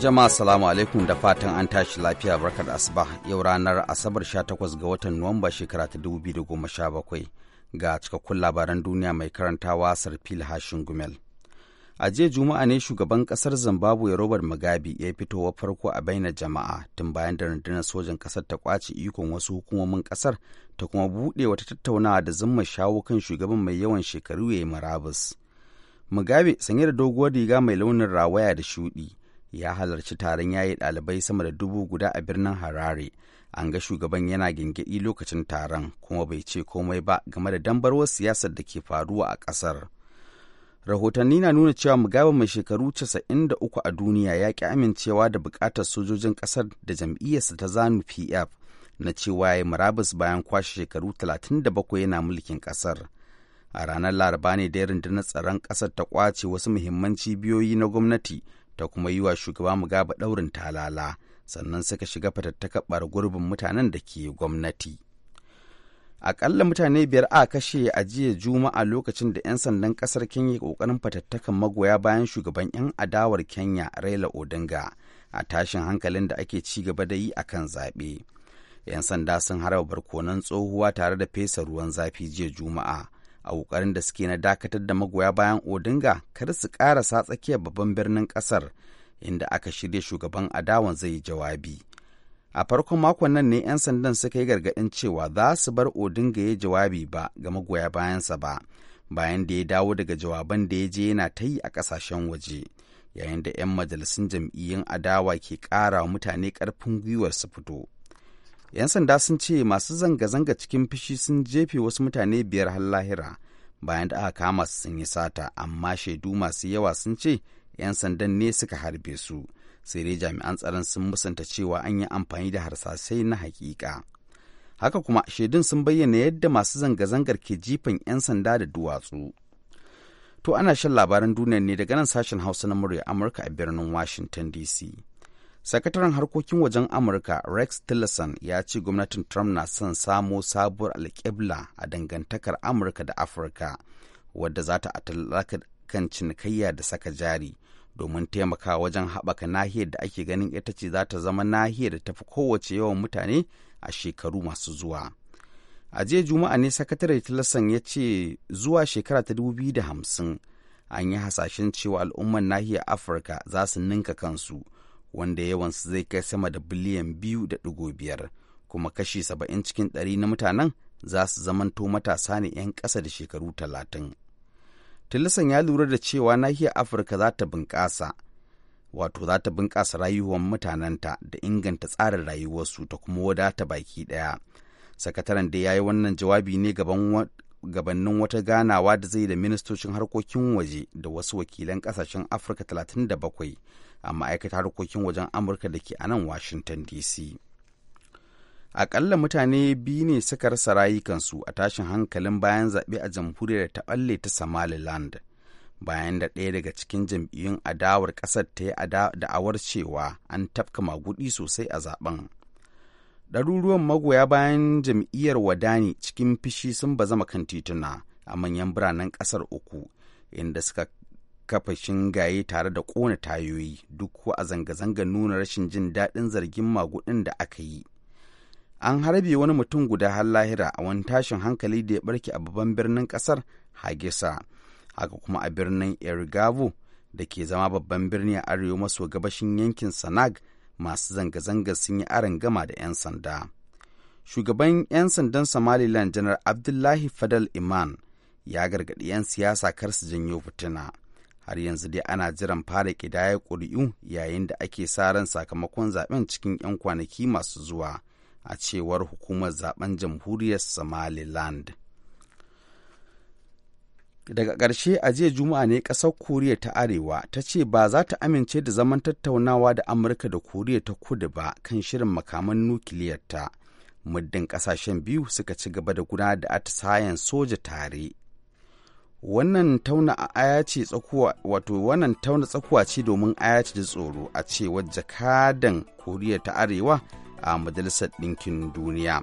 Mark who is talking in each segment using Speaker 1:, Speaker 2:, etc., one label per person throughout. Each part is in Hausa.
Speaker 1: Jama'a salamu alaikum da fatan an tashi lafiya barkar asuba yau ranar Asabar 18 ga watan Nuwamba shekara ta 2017 ga cikakkun labaran duniya mai karantawa Sarfil Hashin Gumel. A jiya Juma'a ne shugaban kasar Zimbabwe Robert Mugabe ya fito wa farko a baina jama'a tun bayan da rundunar sojan kasar ta kwace ikon wasu hukumomin kasar ta kuma buɗe wata tattaunawa da zumma shawo kan shugaban mai yawan shekaru ya yi marabus. Mugabe sanye da doguwar riga mai launin rawaya da shuɗi ya halarci taron yayi ɗalibai sama da dubu guda a birnin harare an ga shugaban yana gingidi lokacin taron kuma bai ce komai ba game da dambarwar siyasar da ke faruwa a ƙasar rahotanni na nuna cewa mugabe mai shekaru 93 a duniya ya ki amincewa da buƙatar sojojin ƙasar da jam'iyyarsa ta zanu pf na cewa ya yi murabus bayan kwashe shekaru 37 yana mulkin ƙasar a ranar laraba ne da rundunar tsaron ƙasar ta kwace wasu muhimman cibiyoyi na gwamnati ta kuma yi wa shugaba gaba ɗaurin talala sannan suka shiga fatattakabar gurbin mutanen da ke gwamnati. akalla mutane biyar a kashe a jiya Juma'a lokacin da 'yan sandan ƙasar Kenya ƙoƙarin fatattakan magoya bayan shugaban 'yan adawar Kenya Raila Odinga a tashin hankalin da ake ci gaba da yi a kan zaɓe. 'Yan sanda sun harba barkonan tsohuwa tare da fesa ruwan zafi jiya Juma'a. a ƙoƙarin da suke na dakatar da magoya bayan odinga Kar su ƙarasa tsakiyar babban birnin ƙasar inda aka shirya shugaban adawan zai yi jawabi a farkon makon nan ne 'yan sandan suka yi gargaɗin cewa za su bar odinga ya jawabi ba ga magoya bayansa ba bayan da ya dawo daga jawaban da ya je yana ta yi a ƙasashen waje yayin da 'yan majalisun jam'iyyun adawa ke ƙara mutane ƙarfin gwiwar su fito 'Yan sanda sun ce masu zanga-zanga cikin fushi sun jefe wasu mutane biyar har lahira bayan da aka kama su sun yi sata, amma shaidu masu yawa sun ce 'yan sandan ne suka harbe su. Sai dai jami'an tsaron sun musanta cewa an yi amfani da harsasai na hakika. Haka kuma shaidun sun bayyana yadda masu zanga-zangar ke jifan 'yan sanda da duwatsu. To ana shan labaran duniya ne daga nan sashen Hausa na murya Amurka a birnin Washington DC. sakataren harkokin wajen amurka rex tillerson ya ce gwamnatin trump na son samo sabuwar alƙibla a dangantakar amurka da afirka wadda za ta atalaka kan cinikayya da saka jari domin taimaka wajen haɓaka nahiyar da ake ganin ita ce za ta zama nahiyar da tafi kowace yawan mutane a shekaru masu zuwa a jiya juma'a ne sakatare tillerson ya ce zuwa shekara ta 2050 an yi hasashen cewa al'ummar nahiyar afirka za su ninka kansu wanda yawansu zai kai sama da biliyan biyu da ɗigo biyar kuma kashi saba'in cikin ɗari na mutanen za su zamanto matasa ne 'yan ƙasa da shekaru talatin. Tillerson ya lura da cewa nahiyar Afirka za ta bunƙasa, wato za ta bunƙasa rayuwar mutanenta da inganta tsarin rayuwarsu ta kuma wadata baki ɗaya. Sakataren da ya yi wannan jawabi ne gabannin wata ganawa da zai da ministocin harkokin waje da wasu wakilan ƙasashen Afirka 37 a ma'aikatar harkokin wajen amurka da ke a nan washington dc akalla mutane biyu ne suka rasa rayukansu a tashin hankalin bayan zaɓe a jamhuriyar ta ɓalle ta somaliland bayan da ɗaya daga cikin jam'iyyun adawar ƙasar ta yi da'awar cewa an tafka maguɗi sosai a zaben ɗaruruwan magoya bayan jam'iyyar wadani cikin fishi sun bazama kan tituna a manyan biranen ƙasar uku inda suka kafa gaye tare da ƙona tayoyi duk kuwa a zanga-zanga nuna rashin jin daɗin zargin magudin da aka yi an harbe wani mutum guda har lahira a wani tashin hankali da ya barke a babban birnin ƙasar hagisa haka kuma a birnin erigavo da ke zama babban birni a arewa maso gabashin yankin sanag masu zanga-zanga sun yi aron gama da 'yan sanda shugaban 'yan sandan somaliland janar abdullahi fadal iman ya gargaɗi 'yan siyasa kar su janyo fitina har yanzu dai ana jiran fara ƙidayar ƙuri'u yayin da ake sa ran sakamakon zaben cikin 'yan kwanaki masu zuwa a cewar hukumar zaben jamhuriyar somaliland daga ƙarshe a jiya juma'a ne ƙasar koriya ta arewa ta ce ba za ta amince da zaman tattaunawa da amurka da koriya ta kudu ba kan shirin makaman nukiliyarta muddin ƙasashen biyu suka ci gaba da gudanar da atisayen soja tare wannan tauna aya ce tsakuwa wato wannan tauna tsakuwa ce domin aya ce tsoro a cewar jakadan koriya ta arewa a majalisar ɗinkin duniya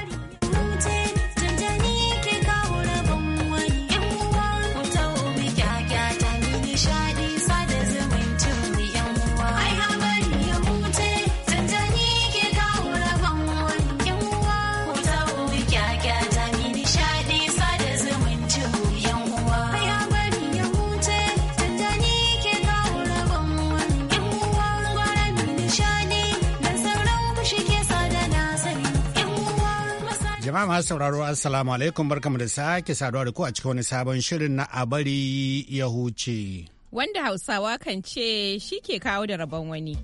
Speaker 2: Jama'a masu sauraro Assalamu alaikum barkamu da sake saduwa da ku a cikin wani sabon shirin na a bari ya huce.
Speaker 3: Wanda Hausawa kan ce shi ke kawo da rabon wani.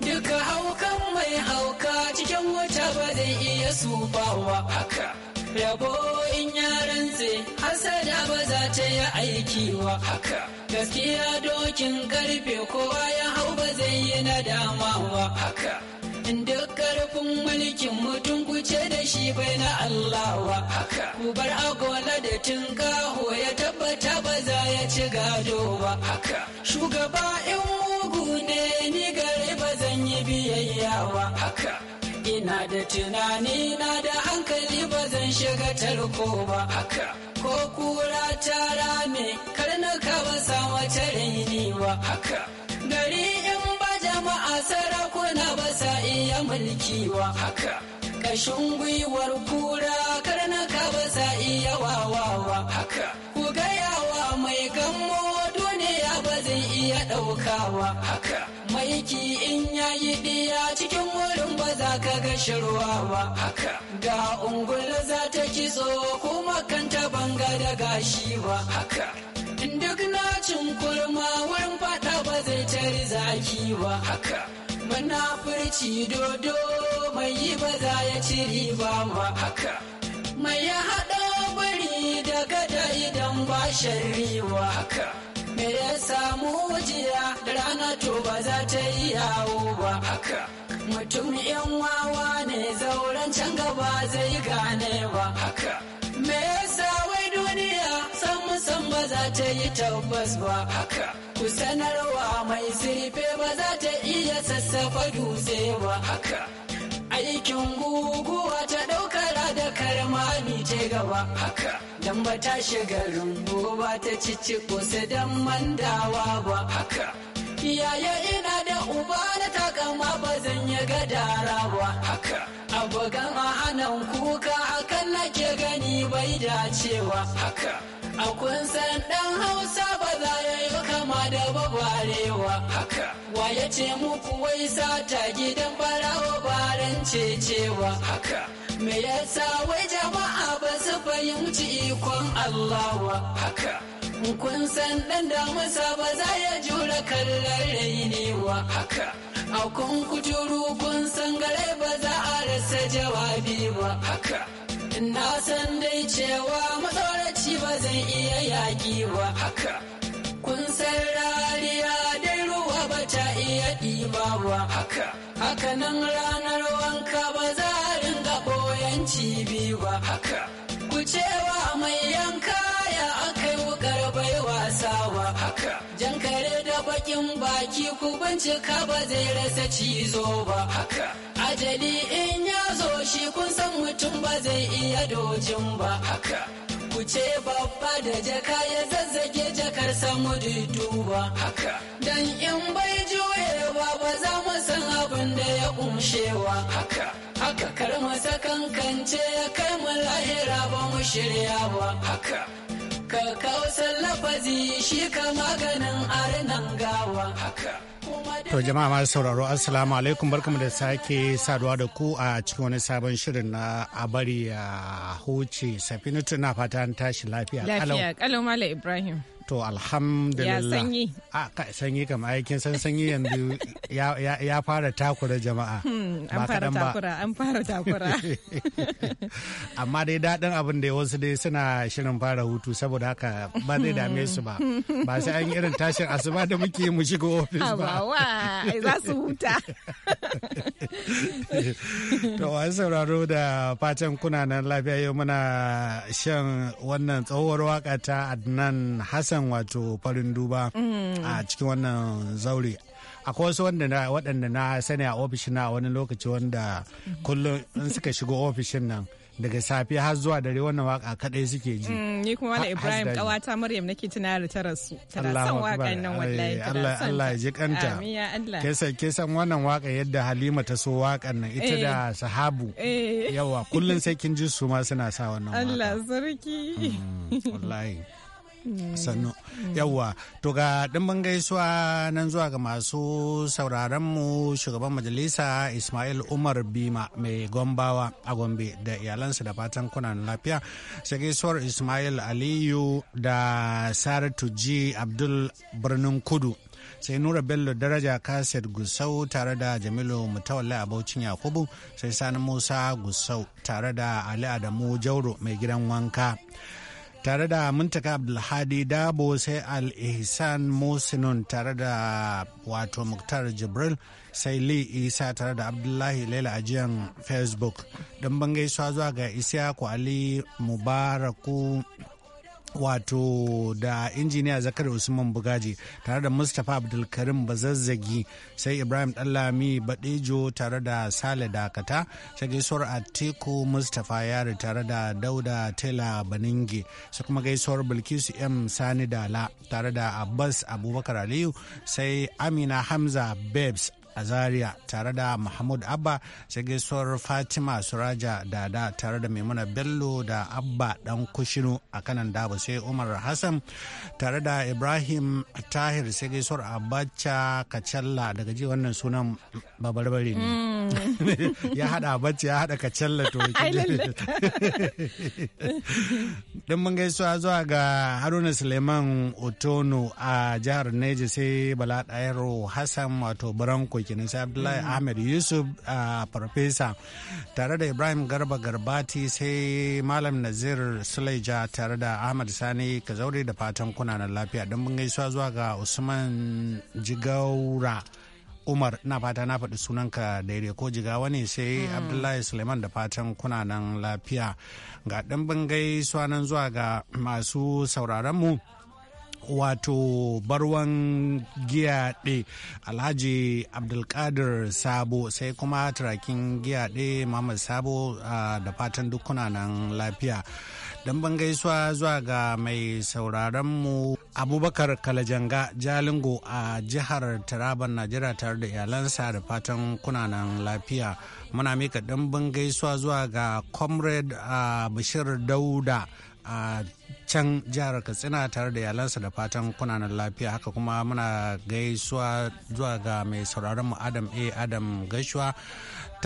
Speaker 4: Duka haukan mai hauka cikin wata ba zai iya sufawa haka. yabo in yaran hasada ba za ta yi aiki wa haka. Gaskiya dokin karfe kowa ya hau ba zai yi na dama haka. duk karfin mulkin mutum ku ce da shi bai na Allah wa haka ku bar agola da tunkaho ya tabbata ba za ya ci gado ba haka shugaba in mugu ne ni gare ba zan yi biyayya wa haka ina da tunani na da hankali ba zan shiga tarko ba haka ko kura ta rame karnuka ba sa wata raini ba haka da mulkiwa haka ƙashin gwiwar kura karnaka ba za iya
Speaker 5: wawawa haka
Speaker 4: ku gayawa mai gammo duniya ba zai iya ɗaukawa haka maiki in yayi ɗiya cikin wurin ba za ka ga shirwawa haka ga ungul za ta kitso kuma kanta banga da gashi ba haka duk cin kurma wurin fata ba zai tari zaki ba haka munafurci dodo mai yi ba za ya ci
Speaker 5: riba ma haka
Speaker 4: mai ya haɗa bari da gada idan ba
Speaker 5: sharri ba haka
Speaker 4: me ya samu jiya rana to ba za ta yi yawo ba haka mutum yan wawa ne zauren can gaba zai gane ba haka me ya ba za ta yi tabbas ba haka ku sanarwa mai sirfe ba za ta iya sassafa dutse ba haka aikin guguwa ta ɗaukar da ni ce gaba haka dan ba ta shiga rumbu ba ta cici kusa dan mandawa ba haka iyaye ina da uba na takama ba zan yi gadara ba haka abokan a hannun kuka hakan nake gani bai dacewa haka A kun san ɗan Hausa ba za ya yi kama da bagwarewa. Haka. Wa ya ce muku wai sata gidan barawa baran cecewa. Haka. Me yasa wai jama'a ba su fahimci ikon Allah wa. Haka. Kun san ɗan damusa ba za ya jura kallon rainewa. Haka. A kun kuturu kun san gare ba za a rasa jawabi ba. Haka. Na san dai cewa matsalar shi ba zan iya yaƙi ba haka kun san rariya da ruwa ba ta iya ɗiba ba haka haka nan ranar wanka ba za a ringa ɓoyen cibi ba haka ku wa mai yanka ya aka yi bai wasa ba haka jankare da bakin baki ku bincika ba zai rasa cizo ba haka ajali in ya zo shi kun san mutum ba zai iya dojin ba haka kuce babba da jaka ya zazzage jakar samu duba. Haka. Dan in bai juyewa ba za mu san abin da ya kumshewa. Haka. Haka kar mu kankance ya kai mu lahira ba mu shirya ba. Haka. Ka kawo lafazi shi ka maganin arnan gawa. Haka.
Speaker 2: To jama'a masu sauraro assalamu alaikum barkamu da sake saduwa da ku a cikin wani sabon shirin na a bari a huce safinatu na fata an tashi lafiya lafiya
Speaker 3: kalau mala ibrahim
Speaker 2: to alhamdulillah ya sanyi a sanyi kam aikin san sanyi yanzu ya fara takura jama'a
Speaker 3: hmm, an fara takura an fara takura
Speaker 2: amma dai daɗin abin da wasu dai suna shirin fara hutu saboda haka ba zai dame su ba ba sai an irin tashin asuba da muke mu shiga ofis ba wa za su huta to sauraro da fatan kuna nan lafiya yau muna shan wannan tsohuwar waka ta adnan hassan wato farin duba mm. a cikin wannan zaure akwai wasu waɗanda na sani a ofishina a wani lokaci wanda mm-hmm. kullum suka shigo ofishin nan daga safe har zuwa dare wannan waka kadai suke ji mm,
Speaker 3: ni kuma wala ibrahim kawata maryam nake tuna da tara su tana son wakan nan wallahi Allah ya
Speaker 2: ji kanta amin
Speaker 3: ya
Speaker 2: kesa wannan waka yadda halima ta so wakan nan ita da eh. sahabu eh. yawa kullun sai kin ji su ma suna sa wannan waka
Speaker 3: Allah sarki mm,
Speaker 2: wallahi sannu mm. yawwa to ga dimbin gaisuwa nan zuwa ga masu sauraronmu shugaban majalisa ismail umar bima mai gombawa a gombe da iyalansa da fatan kuna lafiya sai gaisuwar ismail aliyu da saratu ji abdul birnin kudu sai nura bello daraja kaset gusau tare da jamilu mutawalla abaucin yakubu sai sani musa gusau tare da ali adamu jauro mai gidan wanka tare da muntaka abdulhadi dabo sai al-ihsan musinun tare da wato muktar jibril sai li isa tare da abdullahi laila ajiyan facebook don bangaisuwa zuwa ga isiyaku ali mubaraku wato da injiniya zakar usman bugaji tare da mustapha abdulkarim bazazzagi sai ibrahim dallami badejo tare da sale dakata sai gaisuwar atiku mustapha yari tare da dauda tela baninge sai kuma gaisuwar bilkisu m sani dala tare da abbas abubakar aliyu sai amina hamza babes a zaria tare da mahmud abba sai gaisuwar fatima suraja dada tare da maimuna bello da abba dan kushinu a kanan dabo sai umar hassan tare da ibrahim tahir sai gaisuwar abacha kacalla daga ji wannan sunan babarbare ne mm. ya hada abacha ya hada kacalla to mun gaisuwa zuwa ga Haruna Suleiman Otono a jihar Neja sai Bala Dairo Hassan wato Branko kenan sai Abdullahi mm. Ahmed Yusuf a Farfesa tare da Ibrahim Garba Garbati sai Malam Nazir Suleja tare da Ahmad Sani Kazaure da fatan kuna na lafiya. mun gaisuwa zuwa ga Usman Jigaura. umar na fata na faɗi sunanka daidai ko jigawa ne sai hmm. abdullahi suleiman da fatan kuna nan lafiya ga ɗan bangai zuwa ga masu sauraronmu mu wato barwan giyaɗe alhaji abdulkadir sabo sai kuma turakin giyaɗe muhammad sabo ah, da fatan dukkuna nan lafiya don ban gaisuwa zuwa ga mai mu abubakar kalajanga jalingo a jihar taraban najeriya tare da iyalansa da fatan kunanan lafiya muna mika dan gaisuwa zuwa ga comrade bashir dauda a can jihar katsina tare da iyalansa da fatan kunanan lafiya haka kuma muna gaisuwa zuwa ga mai mu adam a adam gaisuwa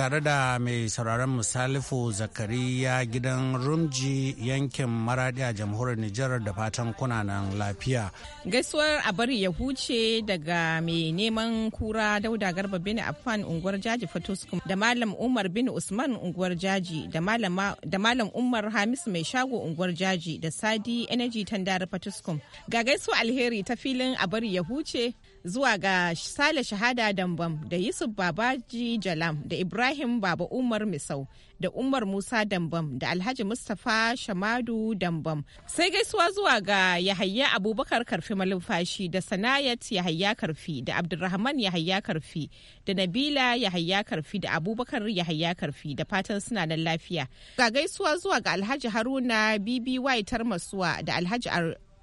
Speaker 2: tare da mai sauraron misalifu zakariya gidan rumji yankin maradi a jamhuriyar nijar da fatan kuna nan lafiya
Speaker 3: gaisuwar a bari ya huce daga mai neman kura dauda garba bin affan unguwar jaji fatoskum da malam umar bin usman unguwar jaji da malam umar hamis mai shago unguwar jaji da sadi energy tandar fatoskum ga gaisuwar alheri ta filin a bari ya huce zuwa ga Sale Shahada Dambam da Yusuf Babaji Jalam da Ibrahim Baba Umar Misau da Umar Musa Dambam da Alhaji Mustapha Shamadu Dambam. Sai gaisuwa zuwa ga Yahayya Abubakar Karfi Malumfashi da Sanayat Yahayya Karfi da Abdulrahman Yahayya Karfi da Nabila Yahayya Karfi da Abubakar Yahayya Karfi da fatan suna nan lafiya. Ga gaisuwa zuwa ga Alhaji Haruna BBY Tarmasuwa da Alhaji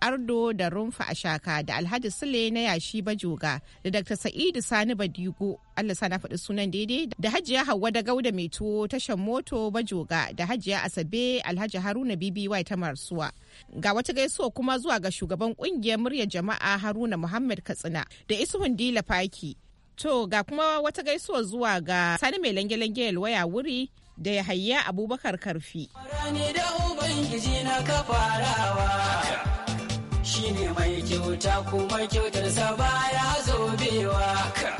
Speaker 3: ardo da rumfa a shaka da alhaji sule na yashi bajoga da dr sa'idu sani badigo allah sana faɗi sunan daidai da hajiya hauwa da gauda mai tuwo tashan moto bajoga da hajiya asabe alhaji haruna bby ta marsuwa ga wata gaisuwa kuma zuwa ga shugaban kungiyar muryar jama'a haruna muhammad katsina da isuhun dila faki to ga kuma wata gaisuwa zuwa ga sani mai lange-lange waya wuri da ya hayya abubakar karfi.
Speaker 4: Rani da Ubangiji shine mai kyauta kuma kyautarsa baya zobewa ka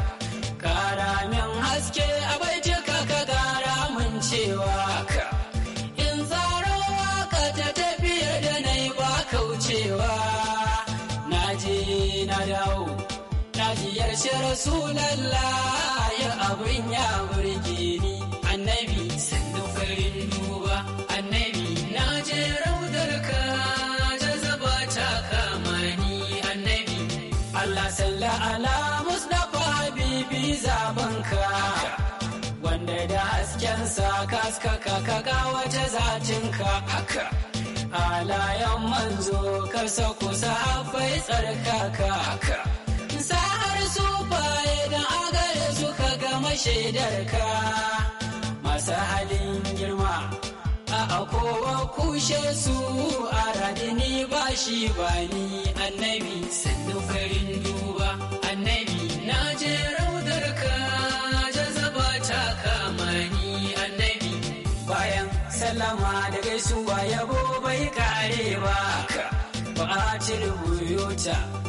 Speaker 4: karamin haske a baitika ka gara min cewa ka in tsaro ka ta tafiya da na yi ba kaucewa na je na dawo na ji yarshe rasulallah ya abin ya burge haskaka ka ga wata zatinka haka alayan manzo ka sako sahabbai tsarkaka haka sa'ar su faye don agare suka gama shaidarka masu halin girma a kowa kushe su a radini ba shi ba ni annabi sannu farin duba annabi na je raudar ka jazaba ta kamani. suwa yabo bai kare ba ba a ci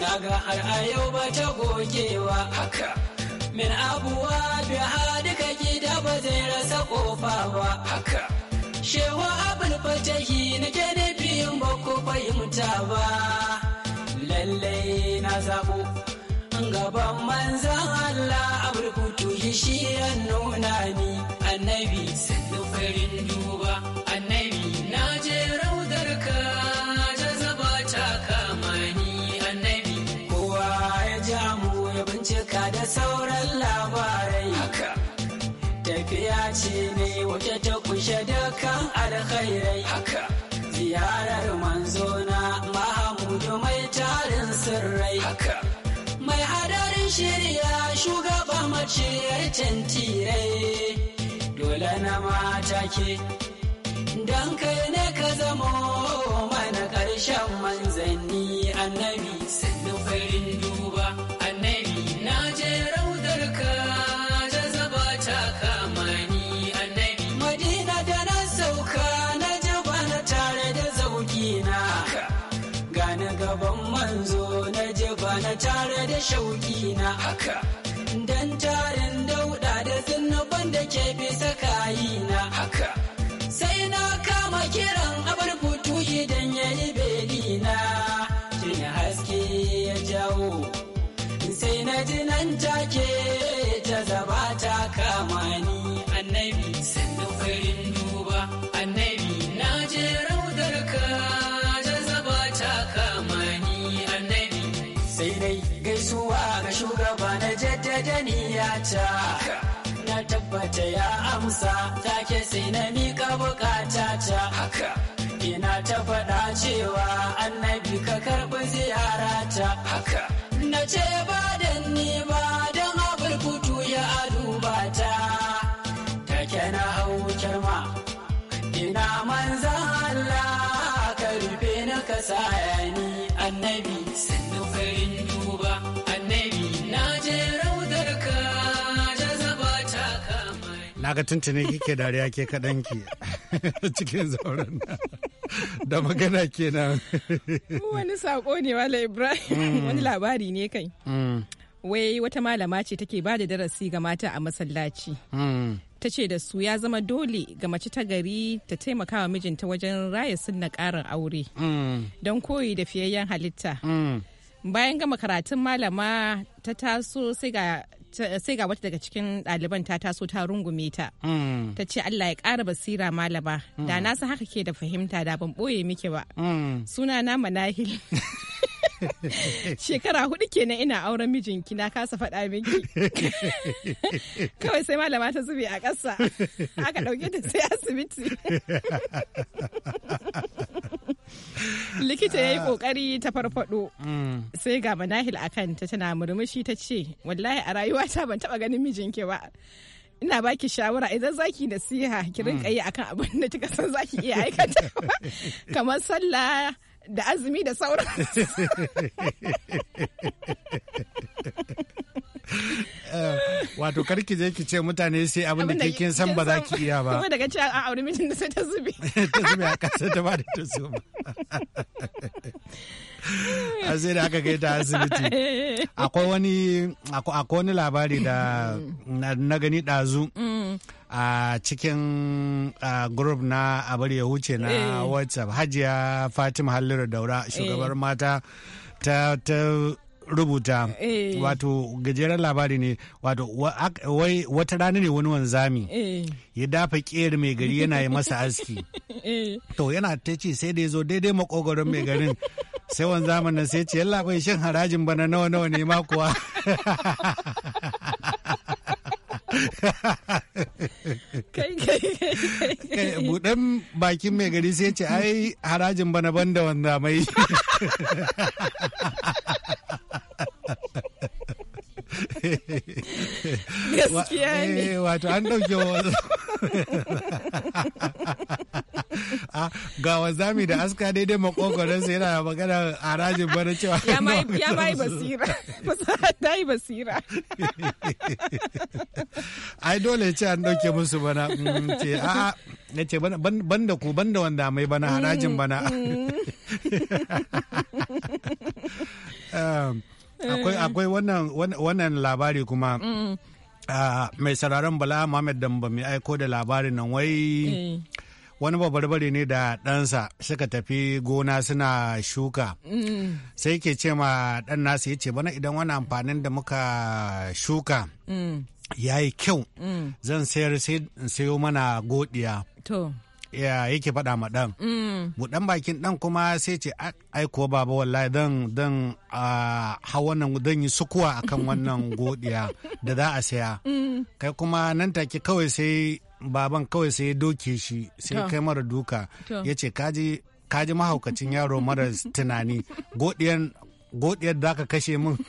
Speaker 4: na ga har a yau ba ta gogewa haka min abuwa ka duka gida ba zai rasa ƙofa ba haka shewa abin fatahi na gane biyun ba ko fahimta ba lallai na zabo gaban manzan Allah a burkutu shi ya nuna ni annabi sannu farin duba shugaba mace yar tantirai eh. dole na mata ke dan kai ne ka zamo mana ƙarshen manzanni annabi sannan farin duba annabi na je raudar ka ta zaba ta kama ni annabi madina da na sauka na je bana tare da zauki na gane gaban manzo na je bana tare da shauki na haka ke bisa kayina haka sai na kama kiran abar butu idan ya yi belina kin haske ya jawo sai na ji nan take ta zaba ta kama ni annabi sannan farin duba annabi na je raudar ka ta zaba ta kama ni annabi sai dai gaisuwa ga shugaba na jaddada niyata bata ya amsa take sai na mika bukata ta haka ina ta faɗa cewa annabi ka karɓi ziyara ta haka na ce ba da ni ba don habar kutu ya aduba ta take na hau kyarma ina manzan Allah ka rufe na ka ni annabi
Speaker 2: na ga tuntuni kike dariya ke kaɗan ki cikin zauren da magana kenan
Speaker 3: wani saƙo ne wala ibrahim mm. wani labari ne kai mm. wai wata malama ce take ba da darasi ga mata a masallaci mm. ta ce da su ya zama dole ga mace ta gari ta taimaka wa mijinta wajen raya sunna karin aure don koyi da fiyayyen halitta bayan gama karatun malama ta taso sai ga sai ga wata daga cikin ɗaliban ta taso ta rungume ta mm. ta ce Allah ya ƙara basira malama da mm. na san haka ke da fahimta da ban ɓoye miki ba mm. suna na manahil Shekara hudu kenan ina auren mijinki na kasa faɗa miki.
Speaker 5: Kawai
Speaker 3: sai malama ta zube a ƙasa. Aka ɗauke ta sai asibiti. Likita ya yi ah. ƙoƙari ta farfaɗo. Mm. Sai ga manahil a ta tana murmushi ta ce, wallahi a rayuwata ban taɓa ganin mijinki ba. ina baki shawara idan zaki nasiha ki rinka mm. yi akan abin da kika san
Speaker 2: zaki iya aikata kamar
Speaker 3: sallah da azumi da sauran
Speaker 2: eh, wato karki je ki ce mutane sai abin da ke kin san ba za ki iya ba kuma
Speaker 3: daga ci a aure mijin da sai ta
Speaker 2: zube ta zube a kasa ta ba da ta zuba. a sai da aka kai ta asibiti akwai wani labari da na gani ɗazu mm. a cikin group na abar ya wuce na eh. whatsapp hajiya fatima halliru daura eh. shugabar mata ta rubuta eh. wato gajeren labari ne wato wata rana ne wani wanzami ya dafa ƙer mai gari yana yi masa aski to yana ta ce sai da ya zo daidai makogoron mai garin sai wanzamin nan sai ce yalla bai shin harajin bana nawa nawa ne ma kai kai kai eh, budan bakin mai gari sai ce ai harajin bana banda wanda mai
Speaker 6: gaskiya ne eh, wato an dauke
Speaker 2: a'a ga wazami da aska daidai makogoron sa yana magana harajin bana cewa ya ma yi basira
Speaker 3: ta yi basira
Speaker 2: ai dole ce an dauke musu bana mm, ce a'a na ce banda ku banda wanda mai bana harajin bana mm, mm. Um, akwai wannan labari kuma ah, mai sararin bala Muhammad Damba mai aiko da labarin nan wai eh. wani babarbare ne da ɗansa suka tafi gona suna shuka sai ke ce ma ɗan nasu ya ce bana idan wani amfanin da muka shuka mm. ya yi kyau mm. zan sayar sai in sayo mana godiya ya yake faɗa ma ɗan. Mm. Buɗan bakin ɗan kuma sai ce aiko baba wallahi don don hau nan don yi sukuwa akan wannan godiya da za a saya. Mm. Kai kuma nan take kawai sai baban kawai sai doke shi sai kai mara duka ya ce kaji kaji mahaukacin yaro mara tunani godiyan godiyar da ka kashe min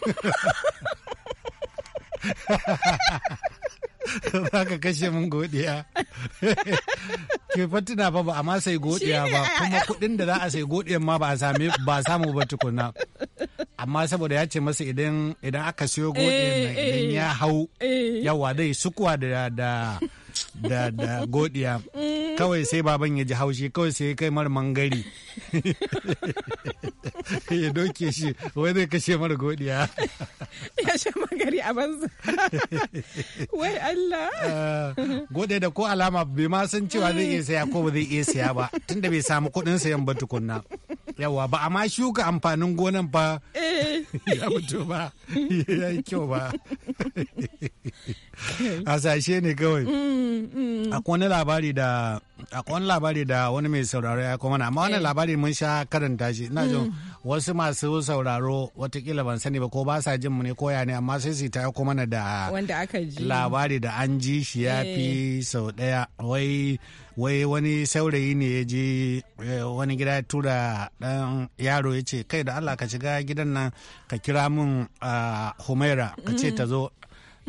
Speaker 2: za ka kashe mun godiya ke fatina ba ba amma sai godiya ba kuma kuɗin da za a sai godiyan ma ba a same ba samu ba tukuna amma saboda ya ce masa idan aka siyo godiyan eh, idan ya eh. hau eh. yawa dai sukuwa da da da da godiya kawai sai baban ya ji haushi kawai sai kai mara mangari ya doke shi wai zai kashe mara godiya ya sha mangari a banza
Speaker 5: wai Allah
Speaker 2: ah, gode da ko alama bai ma san cewa zai iya saya ko ba zai iya saya ba tunda bai samu kuɗin sayan ba tukunna yawa ba amma shuka amfanin gonan ba ya mutu ba ya yi kyau ba hasashe ne kawai mm, mm. akwai wani labari da a wani labari da wani mai sauraro ya kuma amma wannan eh. labari mun sha karanta shi na jin mm. wasu masu sauraro watakila ban sani ba ko ba sa jin mu ne koya ne amma sai su ta kuma na da labari da an ji shi ya eh. fi sau daya wai wai wani saurayi ne ya je eh, wani gida ya tura dan yaro ya ce kai da Allah ka shiga gidan nan ka kira min ah, Humaira ka ce mm. ta zo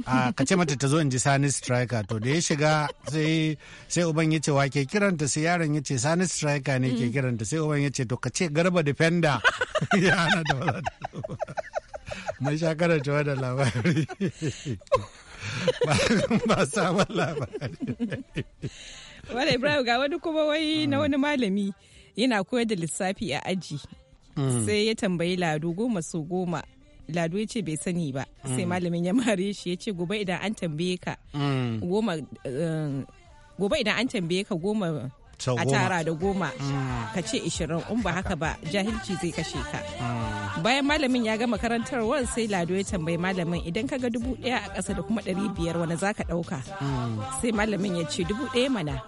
Speaker 2: ka ce mata ta zo in ji sani striker to da ya shiga sai sai uban ya ce wa ke kiranta sai yaron ya ce sani striker ne ke mm. kiranta sai uban ya ce to ka ce garba defender ya ana da wala mai shakara ta da labari ba sabon labari
Speaker 3: wadda ibrahim ga wani kuma wai na wani malami yana koyar da lissafi a aji mm. sai ya tambayi lado goma su goma lado ya ce bai sani ba sai mm. malamin ya mare shi ya ce gobe idan an tambaye ka mm. goma eh, goma a tara da goma ka ce ishirin in ba haka ba jahilci zai kashe ka bayan malamin ya gama karantarwar sai lado ya tambayi malamin idan ka ga dubu ɗaya a ƙasa da kuma ɗari biyar wani za ka ɗauka sai malamin ya ce dubu ɗaya mana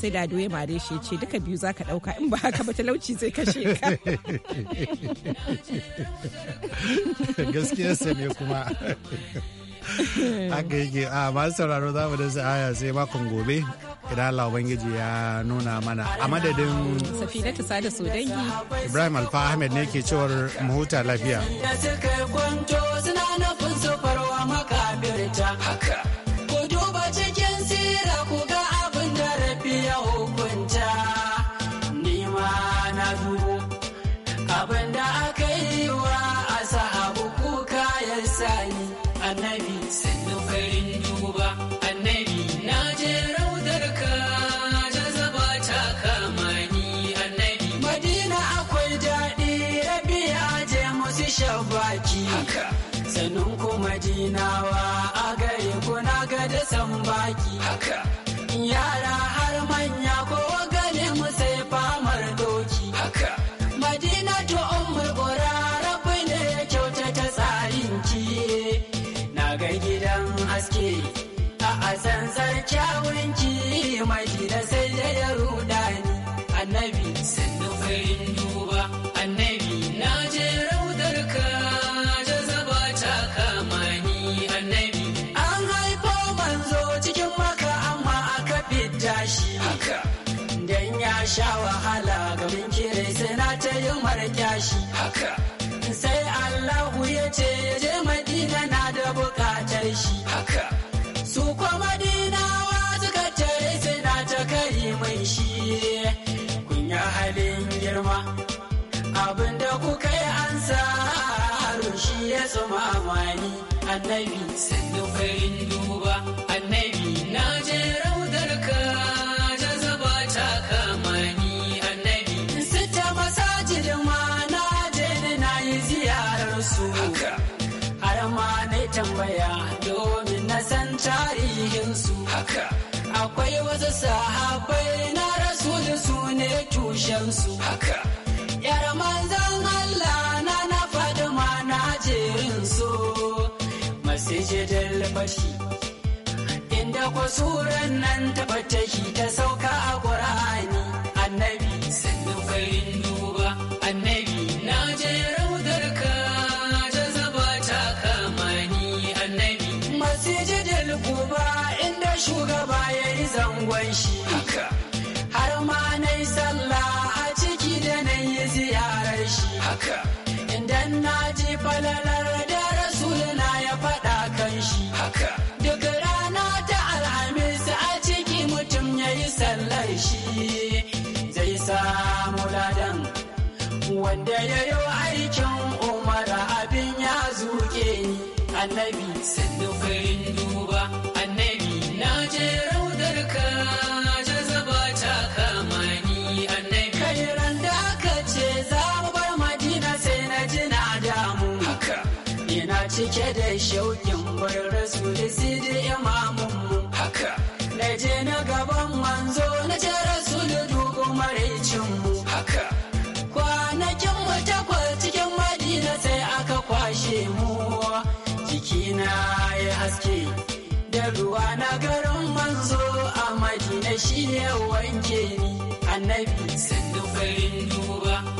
Speaker 3: sai lado ya mare shi ya ce duka biyu za ka ɗauka in ba haka ba talauci zai kashe ka
Speaker 2: sa ne kuma haka yake a masu sauraro za mu da sa'aya sai makon gobe idan Allah Ubangiji ya nuna mana a madadin
Speaker 3: safinata sada sodangi
Speaker 2: Ibrahim Alfa Ahmed ne ke cewar mu huta lafiya.
Speaker 4: Haka. kyawun ki mai da sai da ya ruda ni annabi sannu farin duba annabi na je raudar ka jazaba ta kama ni annabi an haifo manzo cikin maka amma aka fita shi haka dan ya sha wahala gamin kirai sai na ta yi marƙya shi haka sai Allahu ya ce annabi sannu farin duba annabi na je raudar ka jazaba ta kama ni annabi sita masajid ma na je da na yi ziyarar su har ma na tambaya domin na san
Speaker 5: tarihin
Speaker 4: su haka akwai wasu sahabai na rasu da su ne tushen su haka yar manzan dalbashi inda kwa nan ta tahi ta sauka a ƙur'ani annabi sannan farin duba annabi na je raudar ta zaba ta kama ni annabi masjidil kuba inda shugaba ya yi zangon shi wanda ya yi aikin umara abin ya zuke ni annabi sannu farin duba annabi na je raudar ka jazaba ta kama ni annabi kai ran da aka ce za mu bar madina sai na ji na damu haka ina cike da shaukin bar da sidi imamun
Speaker 5: mu haka
Speaker 4: na je na gaban manzo na je da dubu maraicin mu ruwa na garin manzo a madina shi ne wanke ni annabi sannu farin duba